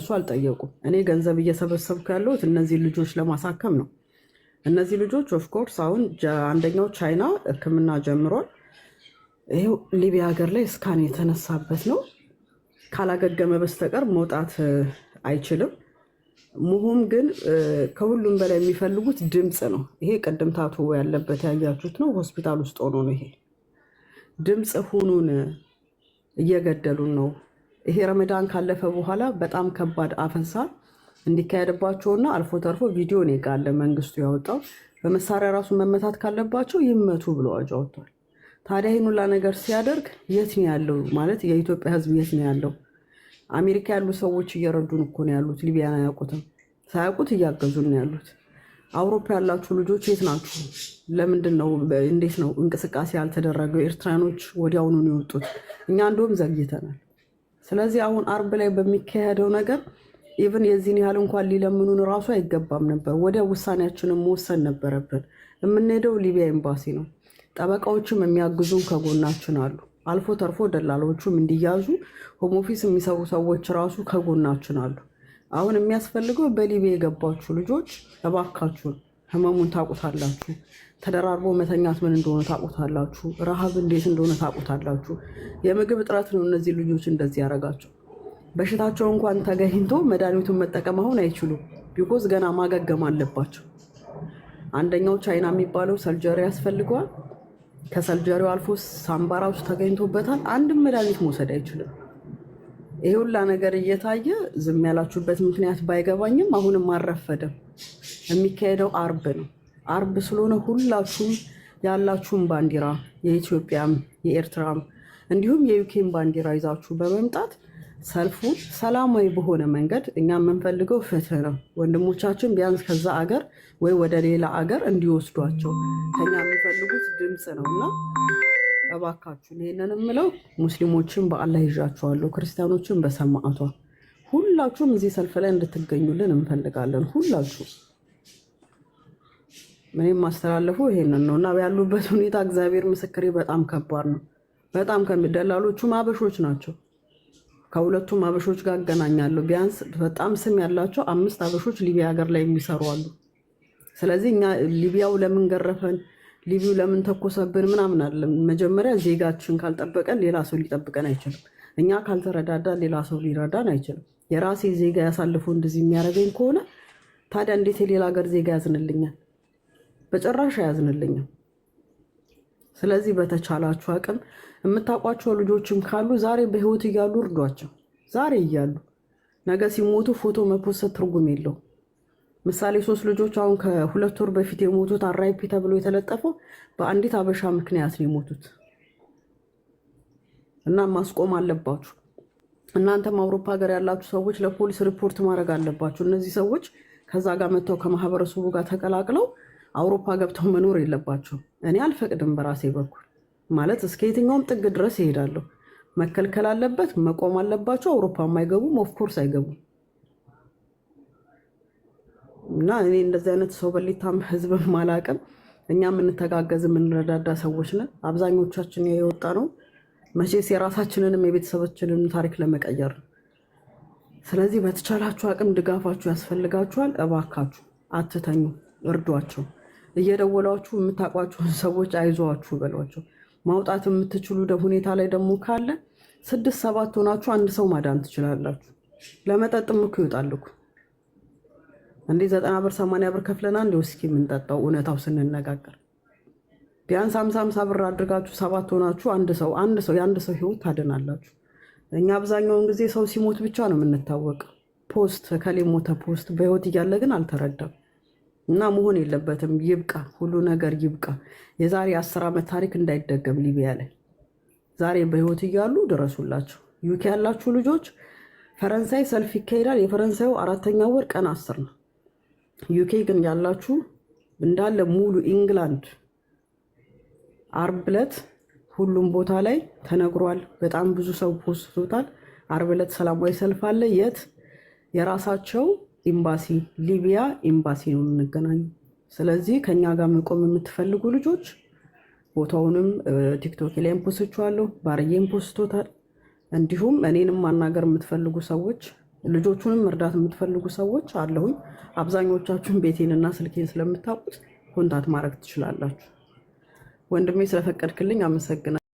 እሱ አልጠየቁም። እኔ ገንዘብ እየሰበሰብኩ ያለሁት እነዚህ ልጆች ለማሳከም ነው። እነዚህ ልጆች ኦፍኮርስ አሁን አንደኛው ቻይና ሕክምና ጀምሯል። ይኸው ሊቢያ ሀገር ላይ እስካን የተነሳበት ነው። ካላገገመ በስተቀር መውጣት አይችልም። ሙሁም ግን ከሁሉም በላይ የሚፈልጉት ድምፅ ነው። ይሄ ቅድም ታቶ ያለበት ያያችሁት ነው። ሆስፒታል ውስጥ ሆኖ ነው ይሄ ድምፅ ሁኑን፣ እየገደሉን ነው ይሄ ረመዳን ካለፈ በኋላ በጣም ከባድ አፈሳ እንዲካሄድባቸውና አልፎ ተርፎ ቪዲዮ እኔ ጋር አለ መንግስቱ ያወጣው በመሳሪያ ራሱ መመታት ካለባቸው ይመቱ ብሎ አዋጅ አወጥቷል። ታዲያ ይህን ሁላ ነገር ሲያደርግ የት ነው ያለው? ማለት የኢትዮጵያ ህዝብ የት ነው ያለው? አሜሪካ ያሉ ሰዎች እየረዱን እኮ ነው ያሉት። ሊቢያን አያውቁትም። ሳያውቁት እያገዙን ነው ያሉት። አውሮፓ ያላችሁ ልጆች የት ናችሁ? ለምንድን ነው እንዴት ነው እንቅስቃሴ ያልተደረገው? ኤርትራኖች ወዲያውኑ ነው የወጡት። እኛ እንደውም ዘግይተናል። ስለዚህ አሁን አርብ ላይ በሚካሄደው ነገር ኢቭን የዚህን ያህል እንኳን ሊለምኑን ራሱ አይገባም ነበር። ወደ ውሳኔያችንን መወሰን ነበረብን። የምንሄደው ሊቢያ ኤምባሲ ነው። ጠበቃዎችም የሚያግዙን ከጎናችን አሉ። አልፎ ተርፎ ደላሎቹም እንዲያዙ ሆም ኦፊስ የሚሰሩ ሰዎች ራሱ ከጎናችን አሉ። አሁን የሚያስፈልገው በሊቢያ የገባችሁ ልጆች እባካችሁን ህመሙን ታውቁታላችሁ። ተደራርቦ መተኛት ምን እንደሆነ ታውቁታላችሁ። ረሃብ እንዴት እንደሆነ ታውቁታላችሁ። የምግብ እጥረት ነው እነዚህ ልጆች እንደዚህ ያደረጋቸው። በሽታቸው እንኳን ተገኝቶ መድኃኒቱን መጠቀም አሁን አይችሉም። ቢኮዝ ገና ማገገም አለባቸው። አንደኛው ቻይና የሚባለው ሰልጀሪ ያስፈልገዋል። ከሰልጀሪው አልፎ ሳምባራ ውስጥ ተገኝቶበታል። አንድም መድኃኒት መውሰድ አይችልም። ይህ ሁላ ነገር እየታየ ዝም ያላችሁበት ምክንያት ባይገባኝም አሁንም አልረፈደም። የሚካሄደው አርብ ነው። አርብ ስለሆነ ሁላችሁም ያላችሁን ባንዲራ የኢትዮጵያም፣ የኤርትራም እንዲሁም የዩኬን ባንዲራ ይዛችሁ በመምጣት ሰልፉን ሰላማዊ በሆነ መንገድ እኛ የምንፈልገው ፍትህ ነው። ወንድሞቻችን ቢያንስ ከዛ አገር ወይ ወደ ሌላ አገር እንዲወስዷቸው ከኛ የሚፈልጉት ድምፅ ነው እና እባካችሁን ይሄንን የምለው ሙስሊሞችን በአላህ ይዣችኋለሁ፣ ክርስቲያኖችን በሰማዕቷ ሁላችሁም እዚህ ሰልፍ ላይ እንድትገኙልን እንፈልጋለን። ሁላችሁ ምንም ማስተላለፉ ይሄንን ነው እና ያሉበት ሁኔታ እግዚአብሔር ምስክሬ በጣም ከባድ ነው። በጣም ከሚደላሎቹም አበሾች ናቸው። ከሁለቱም አበሾች ጋር አገናኛለሁ። ቢያንስ በጣም ስም ያላቸው አምስት አበሾች ሊቢያ ሀገር ላይ የሚሰሩ አሉ። ስለዚህ እኛ ሊቢያው ለምን ገረፈን ሊቪው ለምን ተኮሰብን ምናምን አይደለም። መጀመሪያ ዜጋችን ካልጠበቀን ሌላ ሰው ሊጠብቀን አይችልም። እኛ ካልተረዳዳን ሌላ ሰው ሊረዳን አይችልም። የራሴ ዜጋ ያሳልፈው እንደዚህ የሚያደርገኝ ከሆነ ታዲያ እንዴት የሌላ ሀገር ዜጋ ያዝንልኛል? በጭራሽ አያዝንልኝም። ስለዚህ በተቻላችሁ አቅም የምታውቋቸው ልጆችም ካሉ ዛሬ በህይወት እያሉ እርዷቸው። ዛሬ እያሉ ነገ ሲሞቱ ፎቶ መፖሰት ትርጉም የለውም። ምሳሌ ሶስት ልጆች አሁን ከሁለት ወር በፊት የሞቱት አራይፒ ተብሎ የተለጠፈው በአንዲት አበሻ ምክንያት ነው የሞቱት እና ማስቆም አለባችሁ። እናንተም አውሮፓ ሀገር ያላችሁ ሰዎች ለፖሊስ ሪፖርት ማድረግ አለባችሁ። እነዚህ ሰዎች ከዛ ጋር መጥተው ከማህበረሰቡ ጋር ተቀላቅለው አውሮፓ ገብተው መኖር የለባቸውም። እኔ አልፈቅድም በራሴ በኩል ማለት እስከ የትኛውም ጥግ ድረስ ይሄዳለሁ። መከልከል አለበት፣ መቆም አለባቸው። አውሮፓ የማይገቡም ኦፍኮርስ አይገቡም። እና እኔ እንደዚህ አይነት ሰው በሊታም ህዝብም አላውቅም። እኛ የምንተጋገዝ የምንረዳዳ ሰዎች ነን። አብዛኞቻችን የወጣ ነው መቼስ የራሳችንንም የቤተሰባችንን ታሪክ ለመቀየር ነው። ስለዚህ በተቻላችሁ አቅም ድጋፋችሁ ያስፈልጋችኋል። እባካችሁ አትተኙ፣ እርዷቸው። እየደወላችሁ የምታውቋቸውን ሰዎች አይዟችሁ በሏቸው። ማውጣት የምትችሉ ሁኔታ ላይ ደግሞ ካለ ስድስት ሰባት ሆናችሁ አንድ ሰው ማዳን ትችላላችሁ። ለመጠጥም እኮ ይወጣል እኮ እንዴ ዘጠና ብር ሰማንያ ብር ከፍለና እንዲ ውስኪ የምንጠጣው እውነታው ስንነጋገር ቢያንስ ሀምሳ ሀምሳ ብር አድርጋችሁ ሰባት ሆናችሁ አንድ ሰው አንድ ሰው የአንድ ሰው ህይወት ታድናላችሁ። እኛ አብዛኛውን ጊዜ ሰው ሲሞት ብቻ ነው የምንታወቀው። ፖስት ከሌ ሞተ ፖስት በህይወት እያለ ግን አልተረዳም እና መሆን የለበትም። ይብቃ፣ ሁሉ ነገር ይብቃ። የዛሬ አስር ዓመት ታሪክ እንዳይደገም ሊቢያ ላይ ዛሬ በህይወት እያሉ ድረሱላቸው። ዩኬ ያላችሁ ልጆች ፈረንሳይ ሰልፍ ይካሄዳል። የፈረንሳዩ አራተኛ ወር ቀን አስር ነው። ዩኬ ግን ያላችሁ እንዳለ ሙሉ ኢንግላንድ አርብ ዕለት ሁሉም ቦታ ላይ ተነግሯል። በጣም ብዙ ሰው ፖስቶታል። አርብ ዕለት ሰላማዊ ሰልፍ አለ። የት? የራሳቸው ኤምባሲ ሊቢያ ኤምባሲ ነው የምንገናኙ። ስለዚህ ከኛ ጋር መቆም የምትፈልጉ ልጆች ቦታውንም ቲክቶክ ላይ ፖስቸዋለሁ። ባርዬም ፖስቶታል። እንዲሁም እኔንም ማናገር የምትፈልጉ ሰዎች ልጆቹንም እርዳት የምትፈልጉ ሰዎች አለሁኝ። አብዛኞቻችሁን ቤቴንና ስልኬን ስለምታውቁት ኮንታት ማድረግ ትችላላችሁ። ወንድሜ ስለፈቀድክልኝ አመሰግናል።